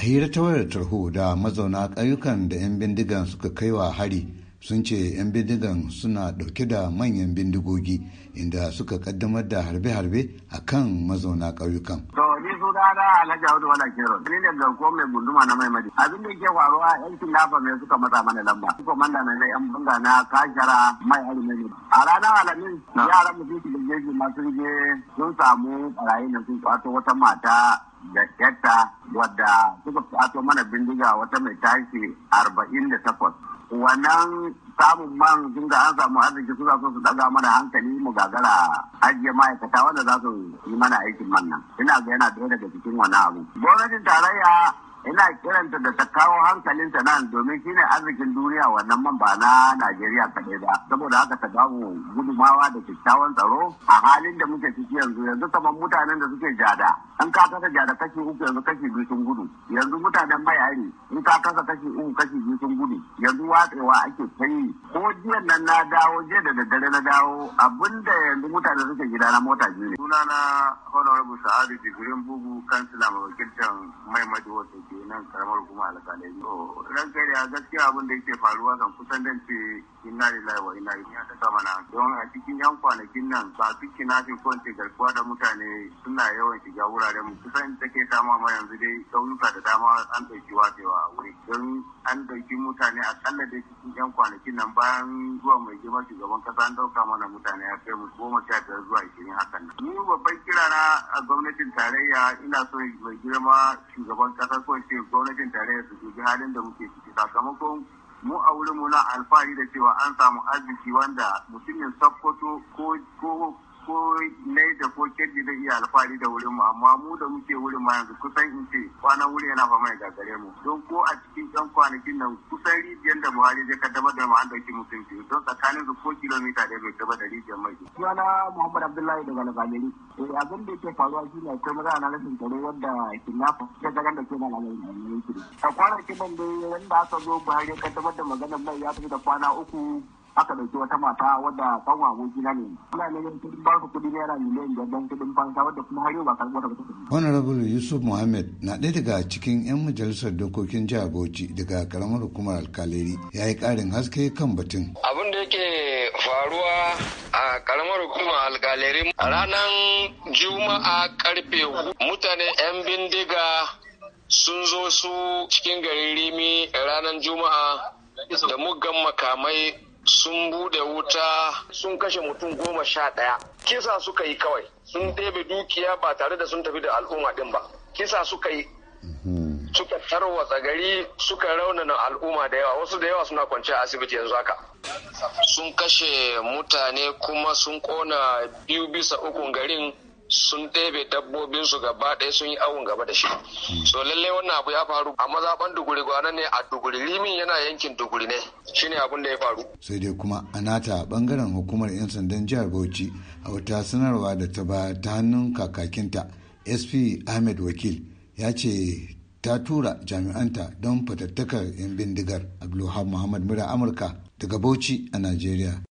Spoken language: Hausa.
a hira ta wayar tarho da mazauna ƙauyukan da 'yan bindigan suka kai wa hari sun ce 'yan bindigan suna ɗauke da manyan bindigogi inda suka kaddamar da harbe-harbe a kan mazauna ƙauyukan. sunana Alhaji Audu Wala Kiron. Ni ne ko mai gunduma na Maimadi. Abin da ke faruwa yan kilafa mai suka matsa mana lamba. Komanda na yan banga na kashara mai hari A ranar Alamin yaran mu sun da jeji ma sun sun samu barayi da sun kwato wata mata da yarta wadda suka fato mana bindiga wata mai tashi arba'in da takwas wannan samun man sun ga an samu arziki suna so su daga mana hankali mu gagara ajiye ma'aikata wanda za su yi mana aikin man nan ina ga yana daya daga cikin wannan abu gwamnatin tarayya ina kiranta da ta kawo hankalinta nan domin shine arzikin duniya wannan man ba na Najeriya kaɗai ba saboda haka ta babu gudumawa da kyakkyawan tsaro a halin da muke ciki yanzu yanzu kamar mutanen da suke jada in ka kasa jada kashi uku yanzu kashi biyu sun gudu yanzu mutanen mayari in ka kasa kashi uku kashi biyu sun gudu yanzu watsewa ake ta yi ko jiya nan na dawo jiya da daddare na dawo abinda yanzu mutane suke gida na mota biyu ne sunana honorable sa'adu jigirin bugu kansila mai wakilcin wasu ke nan karamar kuma alƙalai to ran kai da gaskiya abin da yake faruwa kan kusan dan ce inna lillahi wa inna ilaihi ta kama na don a cikin yan kwanakin nan ba su kinafin ko ce garkuwa da mutane suna yawan shiga wuraren mu kusan take kama ma yanzu dai ƙauyuka da dama an ɗauki watsewa a wuri don an ɗauki mutane akalla da cikin yan kwanakin nan bayan zuwa mai girma shugaban kasa an ɗauka mana mutane ya kai mu goma sha biyar zuwa ishirin hakan nan. Ni babban kira na a gwamnatin tarayya ina so mai girma shugaban kasa ko kowace gwamnatin tarayyar su ji halin da muke ciki sakamakon mu a wurin mu na alfahari da cewa an samu arziki wanda mutumin sakkwato ko ko da ko kirji zai iya alfahari da wurin mu amma mu da muke wurin ma yanzu kusan in ce kwana wuri yana fama ya gagare mu don ko a cikin yan kwanakin nan kusan rijiyar da Buhari zai kaddamar da mu an dauki don tsakanin su ko kilomita ɗaya bai gaba da rijiyar mai. Suna Muhammad Abdullahi daga Labagari. Eh abin da yake faruwa shi ne akwai maza na rashin tsaro wanda kidnapper ya zagan da ke na Labagari. A kwanakin nan dai wanda aka zo Buhari ya kaddamar da maganar mai ya fi da kwana uku aka ɗauki wata mata wadda ɗan wawo gina ne ana neman kuɗin ba su kuɗi naira miliyan biyar don kuɗin fansa wadda kuma har yau ba karɓar wata kuɗi. honorable yusuf muhammad na ɗaya daga cikin 'yan majalisar dokokin jihar bauchi daga karamar hukumar alkaleri ya yi ƙarin haske kan batun. abin da yake faruwa a karamar hukumar alkaleri ranar juma'a karfe mutane 'yan bindiga sun zo su cikin garin rimi ranar juma'a da muggan makamai sun bude wuta sun kashe mutum goma sha ɗaya kisa suka yi kawai sun ɗebe dukiya ba tare da sun tafi da al'umma din ba kisa suka yi mhm. suka tarwatsa gari suka raunana al'umma da yawa wasu da yawa suna kwanciya asibiti yanzu haka sun kashe mutane kuma sun kona biyu bisa ukun garin sun ɗebe dabbobin su gaba ɗaya sun yi awon gaba da shi hmm. so lallai wannan abu ya faru a zaben duguri gwana ne a duguri limin yana yankin duguri ne shine abin da ya faru sai dai kuma a nata bangaren hukumar yan sandan jihar bauchi a wata sanarwa da ta ba ta hannun kakakinta sp ahmed wakil ya ce ta tura jami'anta don fatattakar 'yan bindigar abdulhamid muhammad mura amurka daga bauchi a najeriya